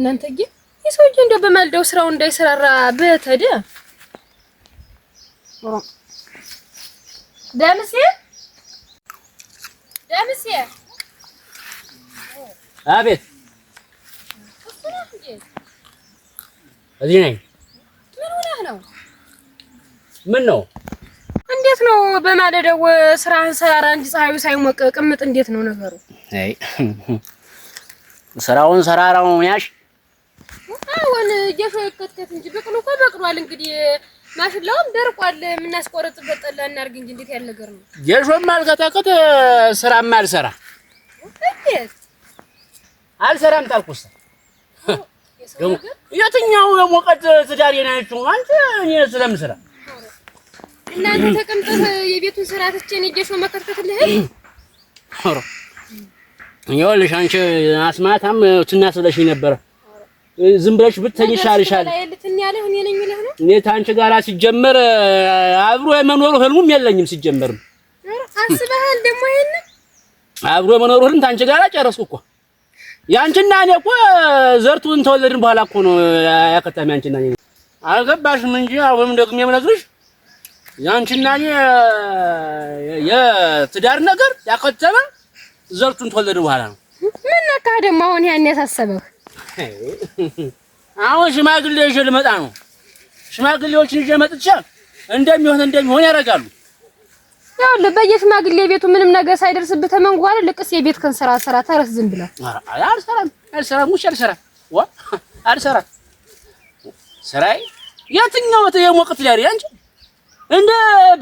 እናንተ ግን የሰውዬ እንደው በማልዳው ስራው እንዳይሰራራ በተደ ደምሴ ደምሴ አቤት እዚህ ነኝ። ምን ሆነህ ነው? ምን ነው? እንዴት ነው በማለዳው ስራህን ሰራራ እንጂ ፀሐዩ ሳይሞቅ ቅምጥ እንዴት ነው ነገሩ? አይ ስራውን ሰራራውን ያሽ አሁን ጌሾ ይከተት እንጂ ብቅሉ እኮ በቅሏል። እንግዲህ ማሽላውም ደርቋል። የምናስቆረጥበት ጠላ እናድርግ እንጂ እንዴት ያለ ነገር ነው? ጌሾም አልከታከት ስራም አልሰራ አልሰራም ታልኩስ የትኛው የሞቀት ትዳር የናችሁ አንተ እኔ ስለምሰራ እናንተ ተቀምጠህ የቤቱን ስራ ትቼ እኔ ጌሾ መከተትልህ ይኸውልሽ አንቺ አስማታም ትናስለሽኝ ነበረ ዝም ብለሽ ብትተኝ ይሻልሻል። እኔ ታንቺ ጋራ ሲጀመር አብሮ የመኖር ህልሙም የለኝም። ሲጀመርም አስበሃል ደግሞ ይሄን አብሮ የመኖሩ ህልም ታንቺ ጋራ ጨረስኩ እኮ። ያንቺና እኔ እኮ ዘርቱን ተወለድን በኋላ እኮ ነው ያከታሚ። ያንቺና እኔ አልገባሽም እንጂ አሁንም ደግሞ የምነግርሽ ያንቺና እኔ የትዳር ነገር ያከተመ ዘርቱን ተወለድን በኋላ ነው። ምን ነካ ደግሞ አሁን ያን ያሳሰበህ? አሁን ሽማግሌ ይዤ ልመጣ ነው። ሽማግሌዎችን ይዤ መጥቼ እንደሚሆን እንደሚሆን ያደርጋሉ። ይኸውልህ በየሽማግሌ ቤቱ ምንም ነገር ሳይደርስብህ ተመንጓለ ልቅስ የቤት ከን ስራ ስራ ተረስ ዝም ብለህ አልሰራም አልሰራም ውሽ አልሰራም ዋ አልሰራም ስራዬ የትኛው የሞቅት ሊያሪ አንቺ እንደ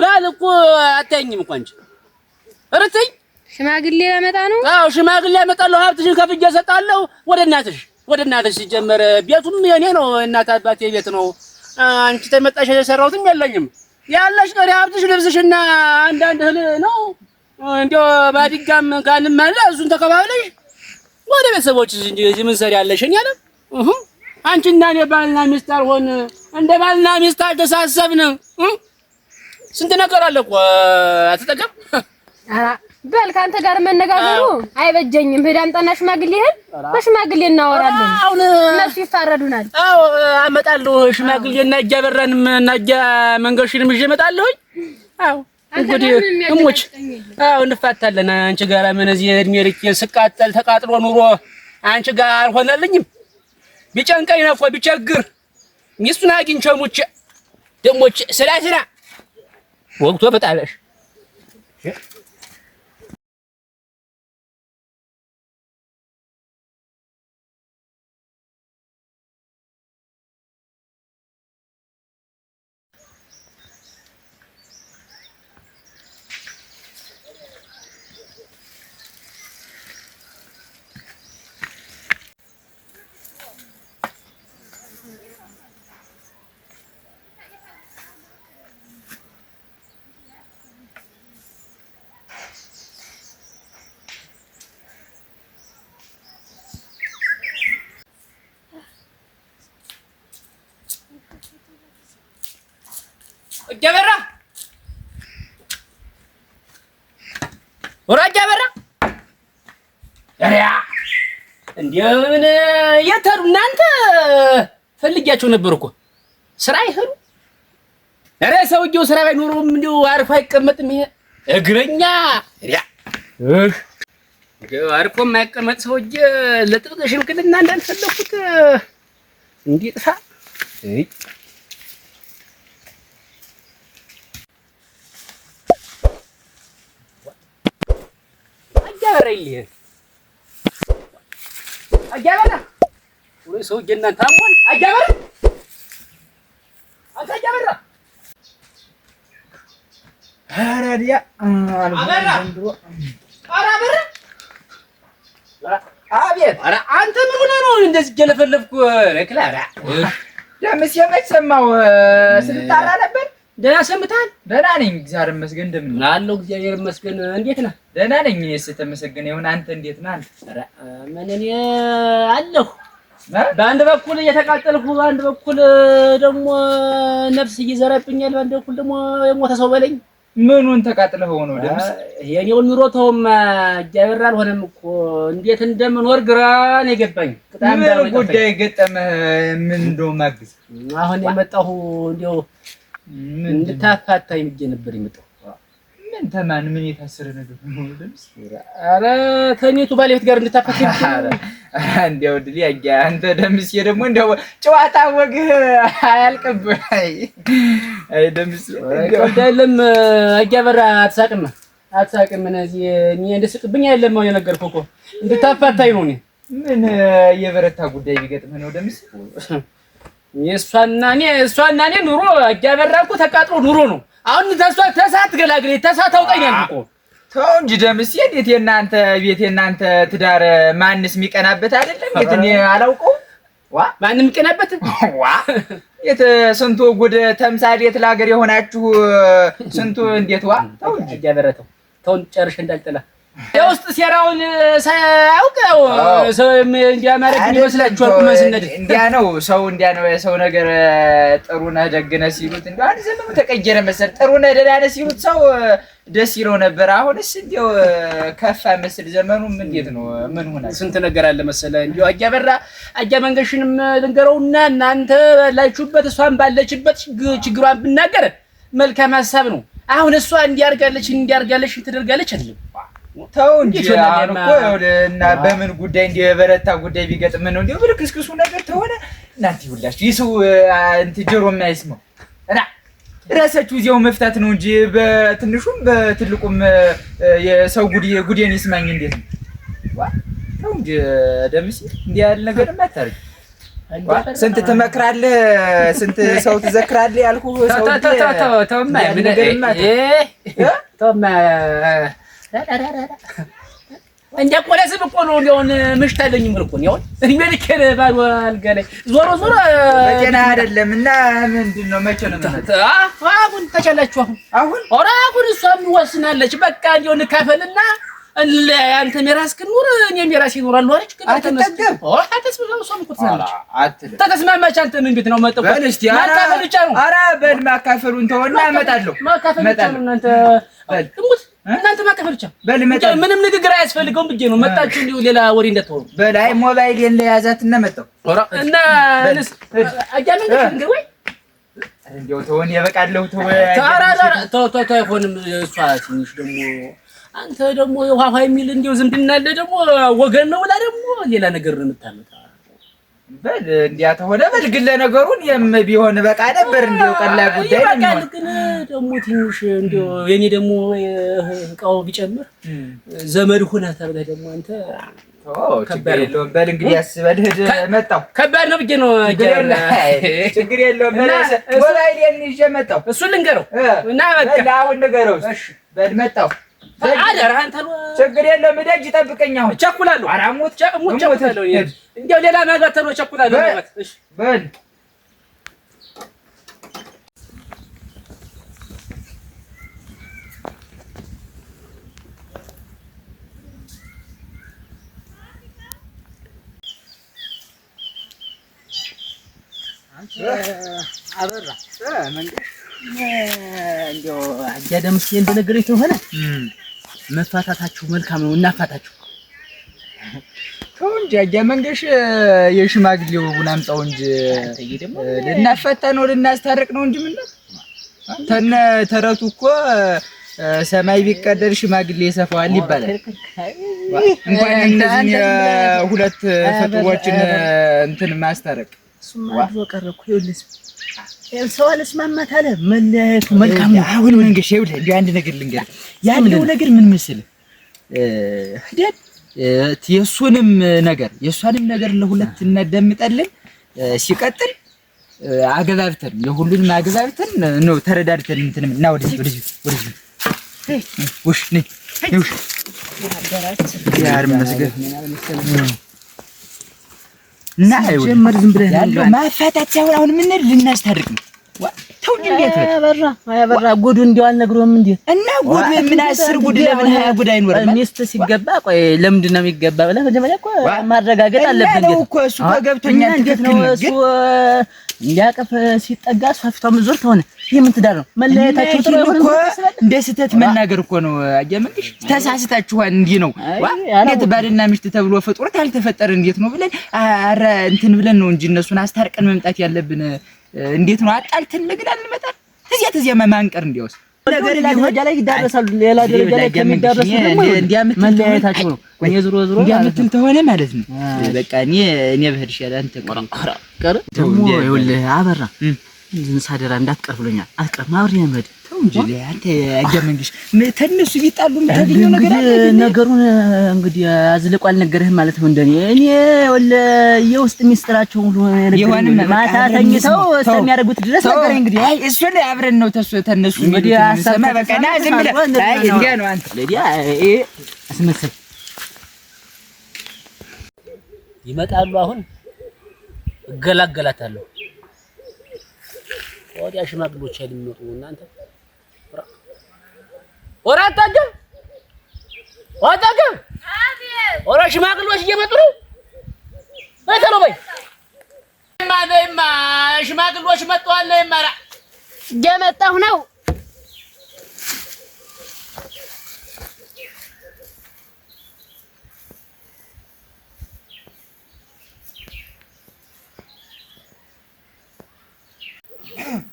ባል እኮ አታየኝም እኮ አንቺ እርትኝ ሽማግሌ ያመጣ ነው። አዎ ሽማግሌ ያመጣለሁ። ሀብትሽን ከፍዬ እሰጣለሁ ወደ እናትሽ ወደ እናትሽ ሲጀመረ ቤቱም የኔ ነው፣ እናት አባቴ ቤት ነው። አንቺ ተመጣሽ የሰራሁትም የለኝም። ያለሽ ቀሪ ሀብትሽ ልብስሽና አንዳንድ እህል ነው። እንዲያው ባዲጋም ጋንም አለ። እሱን ተከባብለሽ ወደ ቤተሰቦችሽ እንጂ እዚህ ምን ሰሪያለሽ? እኔ አለ አንቺና እኔ ባልና ሚስት አልሆን እንደ ባልና ሚስት አልተሳሰብን። ስንት ነገር አለ እኮ አትጠቀም በል ከአንተ ጋር መነጋገሩ አይበጀኝም። ሂድ አምጣና ሽማግሌህን በሽማግሌ እናወራለን። አሁን እነሱ ይፋረዱናል። አዎ አመጣለሁ ሽማግሌ እና እጃ በራንም እና እጃ መንገድሽንም ይዤ እመጣለሁኝ። አዎ እንግዲህ እሞች አዎ እንፋታለን። አንቺ ጋር ምን እዚህ እድሜ ልኬ ስቃጠል ተቃጥሎ ኑሮ አንቺ ጋር አልሆነልኝም። ቢጨንቀኝ ነፎ ቢቸግር ሚስቱን አግኝቼ ሙቼ ደሞች ስራ ስራ ወቅቶ በጣለሽ እጃበራ ወራ እጃበራ ሪያ እንደምን የት እናንተ? ፈልጊያቸው ነበር እኮ ስራ አይሄዱ። ኧረ ሰውዬው ስራ ባይኖረውም እንደው አርፎ አይቀመጥም። ይሄ እግረኛ ሪያ አርፎ የማይቀመጥ ሰውዬ ለጥብቅ ሽምግልና እንዳልፈለኩት እንዲጥፋ ኧረ ይሄ አጃበላ አንተ ምን ሆነህ ነው እንደዚህ እየለፈለፍኩ እክል ኧረ ደምሴ መች ሰማሁ ነበር ደህና ሰምታል? ደህና ነኝ፣ እግዚአብሔር ይመስገን። እንደምን ነህ? አለሁ፣ እግዚአብሔር ይመስገን። እንዴት ነህ? ደህና ነኝ። እኔስ የተመሰገነ ይሁን። አንተ እንዴት ነህ? ኧረ ምን እኔ አለሁ። በአንድ በኩል እየተቃጠልኩ፣ በአንድ በኩል ደግሞ ነፍስ እየዘራብኛል፣ በአንድ በኩል ደግሞ የሞተ ሰው በለኝ። ምኑን ተቃጥለህ ነው? ደምስ? የኔው ኑሮ ተውም፣ እግዚአብሔር አልሆነም እኮ እንዴት እንደምኖር ግራ ነው የገባኝ። ምን ጉዳይ ገጠመህ? ምን እንደው ማግዝ አሁን የመጣሁ እንደው እንድታፋታኝ ብዬሽ ነበር የመጣው። ምን ተማን ምን የታሰረ ነገር ነው? አረ ከኔቱ ባለቤት ጋር እንድታፋታኝ እንደው ድል ያጊያ አንተ ደምሴ ደግሞ እንደው ጨዋታ ወግ አያልቅብህ። አይ አይ ደምሴ አይደለም አጊያ በራ አትሳቅም፣ አትሳቅም። እነዚህ እኔ እንደስቅብኝ አይደለም ነው የነገርኩህ እኮ እንድታፋታ ነው። ምን የበረታ ጉዳይ ቢገጥምህ ነው ደምስ? የእሷና እኔ እሷና እኔ ኑሮ እያበራ እኮ ተቃጥሎ ኑሮ ነው። አሁን ተሷ ተሳት ገላግሌ ተሳት አውጣኛል እኮ ተው እንጂ ደምስ የት የእናንተ ቤት የእናንተ ትዳር ማንስ የሚቀናበት አይደለም። የት እኔ አላውቀውም። ዋ ማንም የሚቀናበት ዋ የት ስንቱ ጉድ ተምሳሌት ለሀገር የሆናችሁ ስንቱ እንዴት ዋ ተው እንጂ እያበረተው ተውን ጨርሼ እንዳልጠላ የውስጥ ሴራውን ሳያውቀው ሰው እንዲያ ይመስላችኋል? መስነት እንዲያ ነው ሰው እንዲያ ነው የሰው ነገር ጥሩ ነህ ደግ ሲሉት እንዲ አንድ ዘመኑ ተቀየረ መሰል ጥሩ ነህ ደህና ሲሉት ሰው ደስ ይለው ነበር። አሁንስ እንዲው ከፋ መስል ዘመኑም እንዴት ነው? ምን ሆነ? ስንት ነገር አለ መሰለ እንዲ አያ በራ አያ መንገሽንም ልንገረውና እናንተ ባላችሁበት እሷን ባለችበት ችግሯን ብናገር መልካም ሀሳብ ነው። አሁን እሷ እንዲያርጋለች እንዲያርጋለች ትደርጋለች አይደለም ተው እንጂ አሁን እኮ እና በምን ጉዳይ እንደ የበረታ ጉዳይ ቢገጥም ነው እንዲሁ ብልክስክሱ ነገር ተሆነ። እናንተ ይኸውላችሁ የሰው እንትን ጆሮ የማይስመው እና ራሳችሁ እዚያው መፍታት ነው እንጂ በትንሹም በትልቁም የሰው ጉዴን ይስማኝ እንዴት ነው? ተው እንጂ ደምሲ እንዲህ ያለ ነገር አታርጊ። ስንት ትመክራለህ፣ ስንት ሰው ትዘክራለህ ያልኩህ ሰው ተው ተው ተው እንደ እኮ ለስም እኮ ነው እንደውን ምሽት አለኝም ነው ልኬን ባዶ አልጋ ላይ ዞሮ ዞሮ በጤና አይደለም። እና ምንድን ነው መቼ ነው አሁን ተቻላችሁ? አሁን አሁን አሁን እሷም ወስናለች። በቃ እንደው እንካፈልና አንተ የራስህ ኑር እኔም የራሴ እኖራለሁ አለች። ግን አንተ ምን ቤት ነው መጠቆም ማካፈል ብቻ ነው። ኧረ በል ማካፈሉን ተወና እመጣለሁ። ማካፈል ብቻ ነው እናንተ ሙት እናንተ ማቀፈር ብቻ ምንም ንግግር አያስፈልገውም ብዬ ነው። መጣችሁ እንዲሁ ሌላ ወሬ እንደተወሩ ሞባይል የለ ያዛት እና እና ተወን አይሆንም እሷ ትንሽ ደግሞ አንተ ደግሞ ውሃ የሚል ዝምድና ደግሞ ወገን ነው ብላ ደግሞ ሌላ ነገር ነው የምታመጣው በል እንዲያ ተሆነ በል። ግን ለነገሩን የም ቢሆን በቃ ነበር እንደው ቀላ ጉዳይ ነው። ግን ደግሞ ትንሽ እንደው የኔ ደግሞ እቃው ቢጨምር ዘመድ ሆነ ተብለህ ደግሞ አንተ ችግር የለውም በል እንግዲህ ያስበልህ መጣሁ። ከባድ ነው ብዬ ነው። ችግር የለውም ይዤ እሱን ልንገረው እና በቃ አሁን ንገረው። በል ችግር የለውም። ደጅ ጠብቀኝ። አሁን እቸኩላለሁ። ኧረ እንዲያው ሌላ ማጋተኖ እሺ በል አበራ እንዲያው አያ ደምሴ እንደነገረች ሆነ መፋታታችሁ መልካም ነው። እናፋታችሁ ተው እንጂ አያ መንገሽ የሽማግሌው ቡና አምጣው እንጂ ልናፈታ ነው ልናስታርቅ ነው እንጂ ምን ተነ ተረቱ እኮ ሰማይ ቢቀደር ሽማግሌ ይሰፋዋል ይባላል። እንኳን እንደዚህ ሁለት ፍትዎችን እንትን ማስታረቅ ማድሮ ቀረ ይልስ ይኸውልህ፣ ሰው አለስማማት አለ መለያየቱ መልካም ነው። አሁን መንገሽ ይኸውልህ፣ አንድ ነገር ልንገርህ፣ ያለው ነገር ምን ምስል የሱንም ነገር የሷንም ነገር ለሁለት እናዳምጣለን። ሲቀጥል አገባብተን የሁሉንም አገባብተን ነው ተረዳድተን እንትንም እና ወደዚህ ወደዚህ ወደዚህ ውሽ ነይ ውሽ ያር መስገድ እና ያለው ማፋታት ሳይሆን አሁን ምን ልናስታርቅ ነው ተውኝ። እንዴት ነው ያበራ እንዲያው አልነግሮም እንዴ? እና ጉዱ የምን አስር ጉድ ለምን ሀያ ጉድ አይኖርም? ሚስት ሲገባ ቆይ ለምንድን ነው የሚገባ ብለህ መጀመሪያ እኮ ማረጋገጥ አለብህ። እንዴት እኮ እሱ ገብቶኛል። እንዴት ነው እሱ እንዲያቀፍ ሲጠጋ እሷ ፊቷን ዞር ተሆነ ይህ ትዳር ነው? መለያየታችሁ ጥሩ ይሆን እኮ እንደ ስህተት መናገር እኮ ነው። አያመንሽ ተሳስታችኋል። እንዲህ ነው እንዴት ባልና ሚስት ተብሎ ፍጡር ካልተፈጠረ እንዴት ነው ብለን አረ እንትን ብለን ነው እንጂ እነሱን አስታርቀን መምጣት ያለብን እንዴት ነው አጣልተን ለግል አንመጣል። እዚያ ተዚያ ማንቀር እንዲያውስ ነገር ደረጃ ላይ ይዳረሳሉ። ሌላ ደረጃ ላይ ከሚዳረሱ ደግሞ መለያየታቸው ነው። እኔ ዞሮ ዞሮ እንዲያምትል ተሆነ ማለት ነው። በቃ እኔ እኔ ብሄድ ይሻላል። አንተ ቀረ ደግሞ ይኸውልህ አበራ እንትን እንዳትቀር ብሎኛል። አትቀርም አብሬ መሄድ ተነሱ የምታገኘው ነገር ነገሩን እንግዲህ አዝልቆ አልነገረህም ማለት ነው። እንደኔ እኔ የውስጥ ሚስጥራቸው ሁሉ ማታ ተኝተው እስከሚያደርጉት ድረስ እንግዲህ አይ አብረን ነው ተሱ ተነሱ እንግዲህ በቃ ና ዝም ብለህ አይ እንዲያ ነው አንተ ለዲያ አስመሰል ይመጣሉ። አሁን እገላገላታለሁ ወዲያ ሽማግሎች የሚመጡ እናንተ ወራ አታገብ አታገብ። ወራ ሽማግሌዎች እየመጡ ነው። በይ ተሎ በይ። ነይማ ሽማግሌዎች መጥተዋል። ነይማ እየመጣሁ ነው።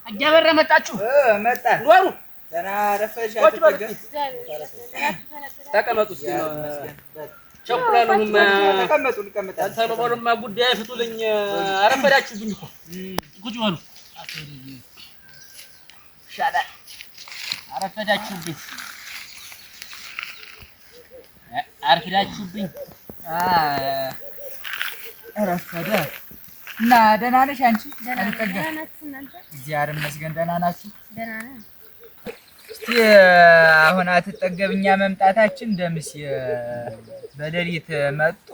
እያበራ መጣችሁ መጣ ወሩ ደህና ተቀመጡ ቸኩላሉማ ጉዳይ ፍቱልኝ፣ አረፈዳችሁብኝ እኮ ቁጭ በሉ። አረፈዳችሁብኝ፣ አርፍዳችሁብኝ። ረፈደ እና ደህና ነሽ አንቺ? እግዚአብሔር ይመስገን ደህና ናችሁ? አሁን አትጠገብ እኛ መምጣታችን ደምስ በሌሊት መጦ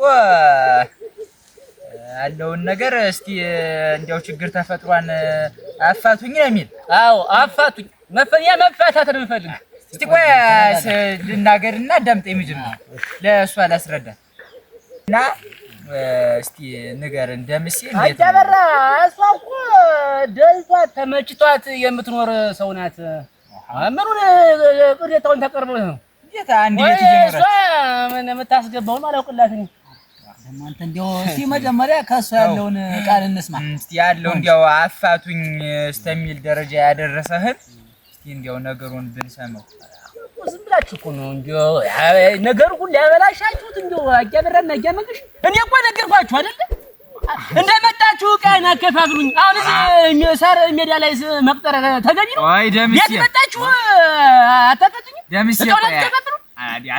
ያለውን ነገር እስቲ እንዲያው ችግር ተፈጥሯን አፋቱኝ ነው የሚል። አዎ አፋቱኝ መፈኛ መፋታት ነው የምፈልግ። እስቲ ቆይ ልናገርና ዳምጥ የሚጅር ነው ለእሷ ላስረዳት እና እስቲ ንገር እንደምሲ አዳበራ እሷ እኮ ደልቷት ተመችቷት የምትኖር ሰው ናት። ምኑን ቅሬታውን ታቀርብልህ ነው? ምን የምታስገባውን አላውቅላት እኔ። አንተ እንዲያው እስኪ መጀመሪያ ከእሱ ያለውን ቃል እንስማ እስኪ። ያለው እንዲያው አፋቱኝ እስከሚል ደረጃ ያደረሰህን እስኪ እንዲያው ነገሩን ብንሰማው። ዝም ብላችሁ እኮ ነው ነገሩ ሁሉ ያበላሻችሁት። እንዲያው አጊያ በራና አጊያ መንገሽ። እኔ እኮ ነገርኳችሁ አይደለ እንደመጣችሁ ቀን አከፋፍሉኝ። አሁን ሳር ሜዳ ላይ መቅጠር ነው።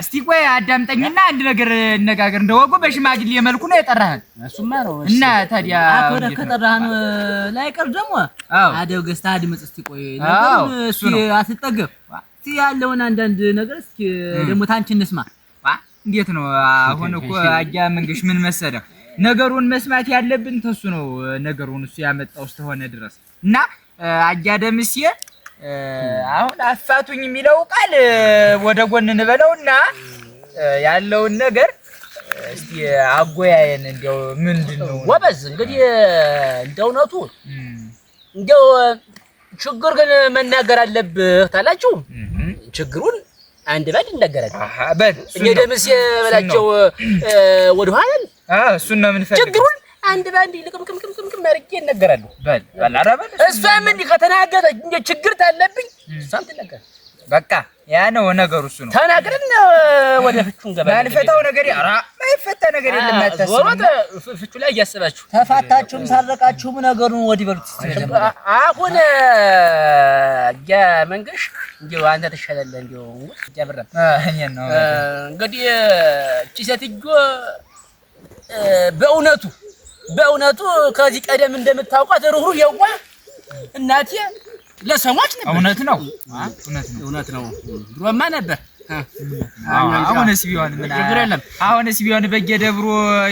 እስቲ ቆይ አዳምጠኝና አንድ ነገር እነጋገር። እንደወጉ በሽማግሌ መልኩ ነው የጠራህን። እሱማ ነው እና ታዲያ ከጠራህን ላይቀር ደግሞ አደው ገዝተህ እስቲ ቆይ አትጠገብ። እስቲ ያለውን አንዳንድ ነገር ደግሞ ታንቺ እንስማ። እንዴት ነው አሁን እኮ አያ መንገሽ ምን መሰለህ ነገሩን መስማት ያለብን ተሱ ነው። ነገሩን እሱ ያመጣው ስለሆነ ድረስ እና አጃደምሴ አሁን አፋቱኝ የሚለው ቃል ወደ ጎን እንበለውና ያለውን ነገር እስቲ አጎያየን። እንደው ምንድን ነው ወበዝ እንግዲህ እንደ እውነቱ እንደው ችግር ግን መናገር አለብህ ታላችሁ ችግሩን አንድ ባንድ ይነገራል። አሃ በል እኛ ደምሴ በላቸው ወደ ኋላ እሱን ነው የምንፈልገው። ችግሩን አንድ በአንድ ልቅምቅምቅምቅም አድርጌ እነገራለሁ። እሷም እንዲህ ከተናገረ እንደ ችግር ታለብኝ እሷም ትነገር። በቃ ያ ነው ነገሩ። እሱ ነው ተናግረን ወደ ፍቹ እንገባለን። ማንፈታው ነገር ኧረ ማይፈታ ነገር የለም። አታስቡ። ፍቹ ላይ እያሰባችሁ ተፋታችሁም ታረቃችሁም ነገሩን ወዲህ በሉት። አሁን ያ መንገሽ እንዲያው አንተ ትሻላለህ። እንዲያው ያ ብራ እኔን ነው እንግዲህ እቺ ሴትዮ በእውነቱ በእውነቱ ከዚህ ቀደም እንደምታውቋት ሩህሩህ የዋ እናቴ ለሰሞች ነበር። እውነት ነው፣ እውነት ነው። ድሮማ ነበር። አሁንስ ቢሆን ምን ችግር የለም። አሁንስ ቢሆን በየደብሩ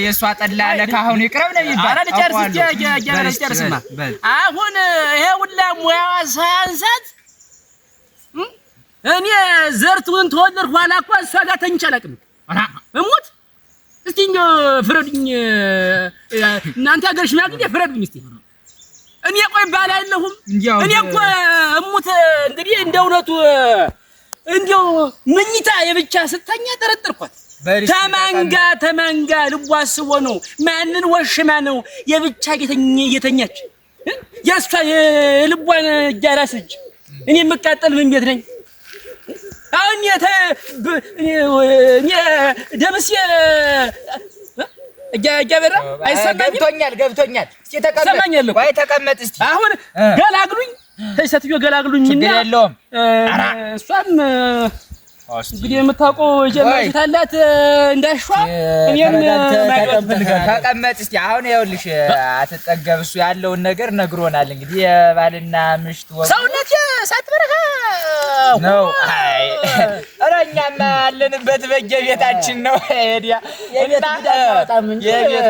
የእሷ ጠላ ለካሁን ይቅረብ ነው ይባላል። ልጨርስማ አሁን ይሄ ሁላ ሙያዋ ሳያንሳት እኔ ዘርቱን ተወለድኩ ኋላ እኮ እሷ ጋር ተኝቼ አላውቅም እሙት እስቲ እንደው ፍረዱኝ እናንተ ሀገር ሽማግሌ ፍረዱኝ እስቲ። እኔ ቆይ ባል አይለሁም። እኔ እኮ እሙት እንግዲህ እንደ እውነቱ እንዲያው መኝታ የብቻ ስተኛ ጠረጠርኳት። ተማንጋ ተማንጋ ልቧ ስቦ ነው ማንን ወሽማ ነው የብቻ እየተኛች ያሷ የልቧን እጃ ራስ እጅ እኔ የምቃጠል ምን ቤት ነኝ አሁን እኔ ደምሴ እያበራ አይሰማኝም። ገብቶኛል ገብቶኛል። እስኪ ተቀመጥ፣ ተቀመጥ። እስኪ አሁን ገላግሉኝ፣ ሴትዮ ገላግሉኝ። እሷም እንግዲህ የምታውቀው ጀመሪት እንዳሿ እኔም ተቀመጥ እስኪ። አሁን ይኸውልሽ አትጠገብ እሱ ያለውን ነገር ነግሮናል። እንግዲህ የባልና ምሽት ሰውነት ሳት በረሃ ነው። እኛም ያለንበት በየቤታችን ነው። ሄዲያ የቤት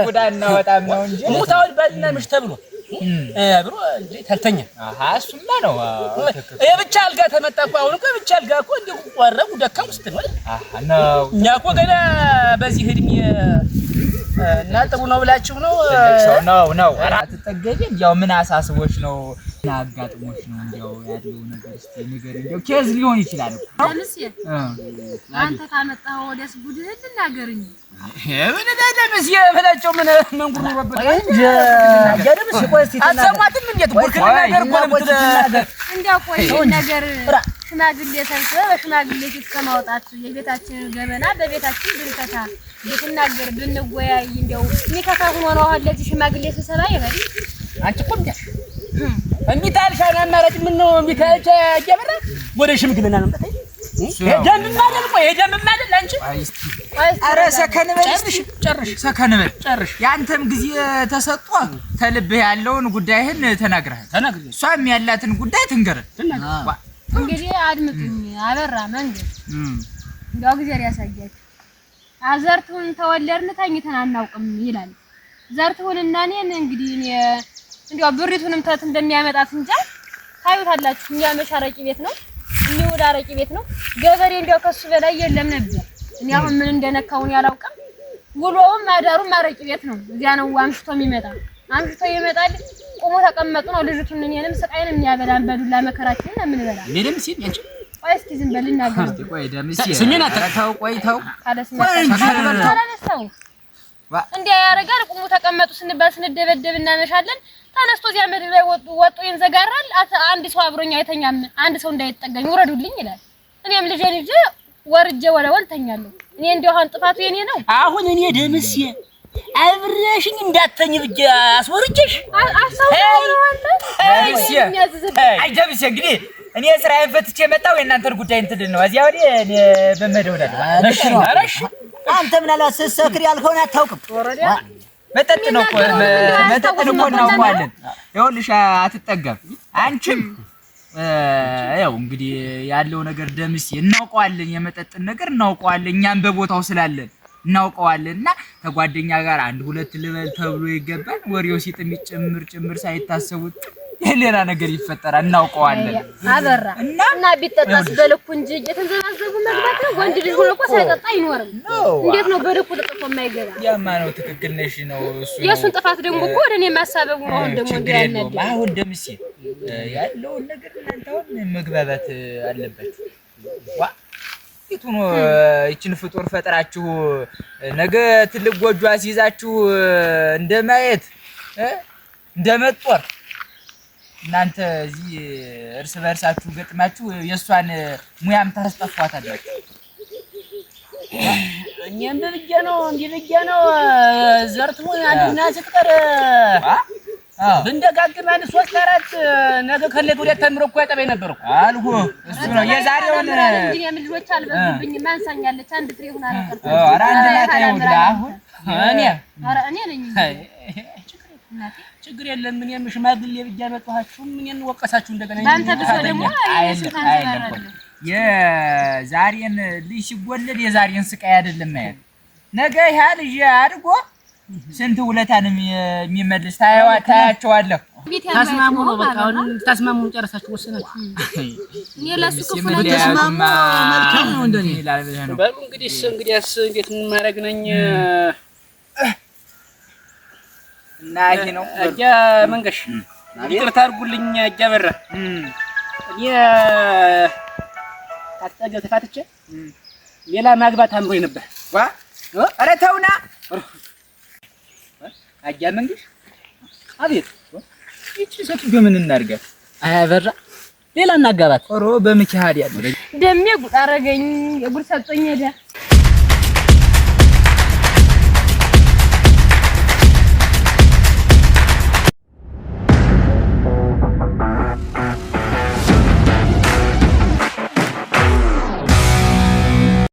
ጉዳይ እናወጣም ነው እንጂ ሙታውን ባልና ምሽት ተብሎ ብሎ እንግዲህ ተልተኛ። እሱማ ነው የብቻ አልጋ ተመጣ እኮ አሁን እኮ የብቻ አልጋ እኮ እንዲሁ ቆረቡ ደካሙ ስትል ነው። እኛ እኮ ገና በዚህ እድሜ እና ጥሩ ነው ብላችሁ ነው ነው ነው አትጠገቢ። ያው ምን አሳስቦች ነው አጋጥሞች ነው እንዲያው ያለው ነገር እስኪ ንገረኝ። እንዲያው ኬዝ ሊሆን ይችላል እኮ ለምሴ አንተ ካመጣኸው ወዲያስ ጉድህን ልናገርኝ ምን ደምስ የፈላቸው ምን ምን ጉሮበት እንጂ ያደምስ ቆይ እስኪ አትሰማትም። እንዴት ጉርክና ነገር እኮ ነው የምትለው። እንዲያው ቆይ ነገር ሽማግሌ ሰብስበህ በሽማግሌ ፊት ከማውጣት የቤታችንን ገበና በቤታችን ብንፈታ ብትናገር ብንወያይ እንዲያው የሚከፋ ሆኖ ነው አሁን ለዚህ ሽማግሌ ስብሰባ ይበል አንቺ እኮ እንደ የሚጣልሻን አማራጭ ምን ነው? ሚካኤል እያበራ ወደ ሽምግልና መምጣት የአንተም ጊዜ ተሰጥቶ ተልብህ ያለውን ጉዳይህን ተናግረሃል። እሷም ያላትን ጉዳይ ትንገረን። እንግዲህ አድምጡኝ። አበራ መንገድ እንዲያው ጊዜ ያሳያችሁ። አዘርትሁን ተወለድን ተኝተን አናውቅም ይላል። ዘርትሁንና እኔን እንግዲህ እንዲያው ብሪቱንም ተት እንደሚያመጣት እንጃ ታዩታላችሁ። እኛ አረቂ ቤት ነው እኒወደ አረቂ ቤት ነው። ገበሬ እንዲያው ከሱ በላይ የለም ነበር። እኔ አሁን ምን እንደነካውን ያላውቅም። ውሎውም አዳሩም አረቂ ቤት ነው። እዚያ ነው አምሽቶ የሚመጣ አምሽቶ ይመጣል። ቆሞ ተቀመጡ ነው ልጅቱን እኔንም ስቃይን የሚያበላን በዱላ መከራችን ነው የምንበላ። ምንም ሲል እንጂ ቆይ እስኪ ዝም በል ልናገር። ቆይ እንዲያ ያደርጋል። ቆሞ ተቀመጡ ስንባል ስንደበደብ እናመሻለን። ተነስቶ እዚያ ምድር ላይ ወጡ ይንዘጋራል። አንድ ሰው አብሮኛ አይተኛም፣ አንድ ሰው እንዳይጠገኝ ውረዱልኝ ይላል። እኔም ልጄን ይዤ ወርጄ ወለወል ተኛለሁ። እኔ እንደው አሁን ጥፋቱ የኔ ነው። አሁን እኔ ደምሴ አብረሽኝ እንዳትተኝ ብቻ አስወርጭሽ አይ እንግዲህ እኔ ስራዬን ፈትቼ መጣሁ። የእናንተን ጉዳይ እንትድን ነው። እዚያ ወዲህ እኔ በመደው ነበር። አንተ ምን አላሰሰክሪ ያልከውን አታውቅም መጠጥ ነው እኮ መጠጥ ነው እኮ እናውቀዋለን። ይኸውልሽ አትጠጋም አንቺም ያው እንግዲህ ያለው ነገር ደምሴ እናውቀዋለን። የመጠጥን ነገር እናውቀዋለን። እኛም በቦታው ስላለን እናውቀዋለን። እና ከጓደኛ ጋር አንድ ሁለት ልበል ተብሎ ይገባል። ወሬው ሲጥም ጭምር ጭምር ሳይታሰቡት ሌላ ነገር ይፈጠራል፣ እናውቀዋለን። አበራ እና እና ቢጠጣስ በልኩ እንጂ እየተንዘባዘቡ መግባት ነው። ወንድ ልጅ ሆኖ እኮ ሳይጠጣ አይኖርም። እንዴት ነው በልኩ ተጠጥቶ የማይገባ? ያማ ነው ትክክል ነሽ። ነው እሱ የእሱን ጥፋት ደግሞ እኮ ወደ እኔ ማሳበቡ ነው። አሁን ደግሞ እንዲያነድ አሁን ደምሴ ያለውን ነገር እናንተ አሁን መግባባት አለበት። ዋ ጥቂቱ ነው። ይችን ፍጡር ፈጥራችሁ ነገ ትልቅ ጎጆ አስይዛችሁ እንደማየት እንደመጦር እናንተ እዚህ እርስ በእርሳችሁ ገጥማችሁ የእሷን ሙያም ታስጠፏታላችሁ። እኔም ብብዬ ነው እንዲህ ብዬ ነው ዘርትሙ አንድና ስትቀር ብንደጋግም አንድ ሶስት አራት ነገ ከሌት ወዲያ ተምሮ እኮ ያጠበኝ ነበር እኮ እሱ ነው የዛሬውን ልጆች አልበዙብኝ ማንሳኛለች አንድ ፍሬ ሆና ነበር አራ አንድ ናታ ይሁላ አሁን እኔ አራ እኔ ነኝ ችግር የለም። ምን እኔም ሽማግሌ ብዬ አመጣኋችሁ። ምን ወቀሳችሁ እንደገና እናንተ ብሶ ደግሞ የዛሬን ልጅ ሲወለድ የዛሬን ስቃይ አይደለም ማለት ነገ ያ ልጅ አድጎ ስንት ውለታንም የሚመልስ ታያቸዋለህ። ተስማሙ ነው በቃ። አሁን ተስማሙ ጨረሳችሁ፣ ወሰናችሁ። እኔ ለሱ ነው ተስማሙ ነው እንደኔ። በሉ እንግዲህ እንግዲህ እንዴት ማድረግ ነኝ እና ይሄ ነው አጃ መንገሽ ይቅርታ አድርጉልኝ። አጃ በራ እኔ ተፋትቼ ሌላ ማግባት አምሮኝ ነበር። ዋ ኧረ ተውና አጃ መንገሽ። አቤት ይቺ ሰቱ በምን እናድርጋት? አያበራ ሌላ እናጋባት። ኦሮ በምኪ ሀዲያ ደሜ ጉድ አረገኝ። የጉድ ሰጦኝ ሄደ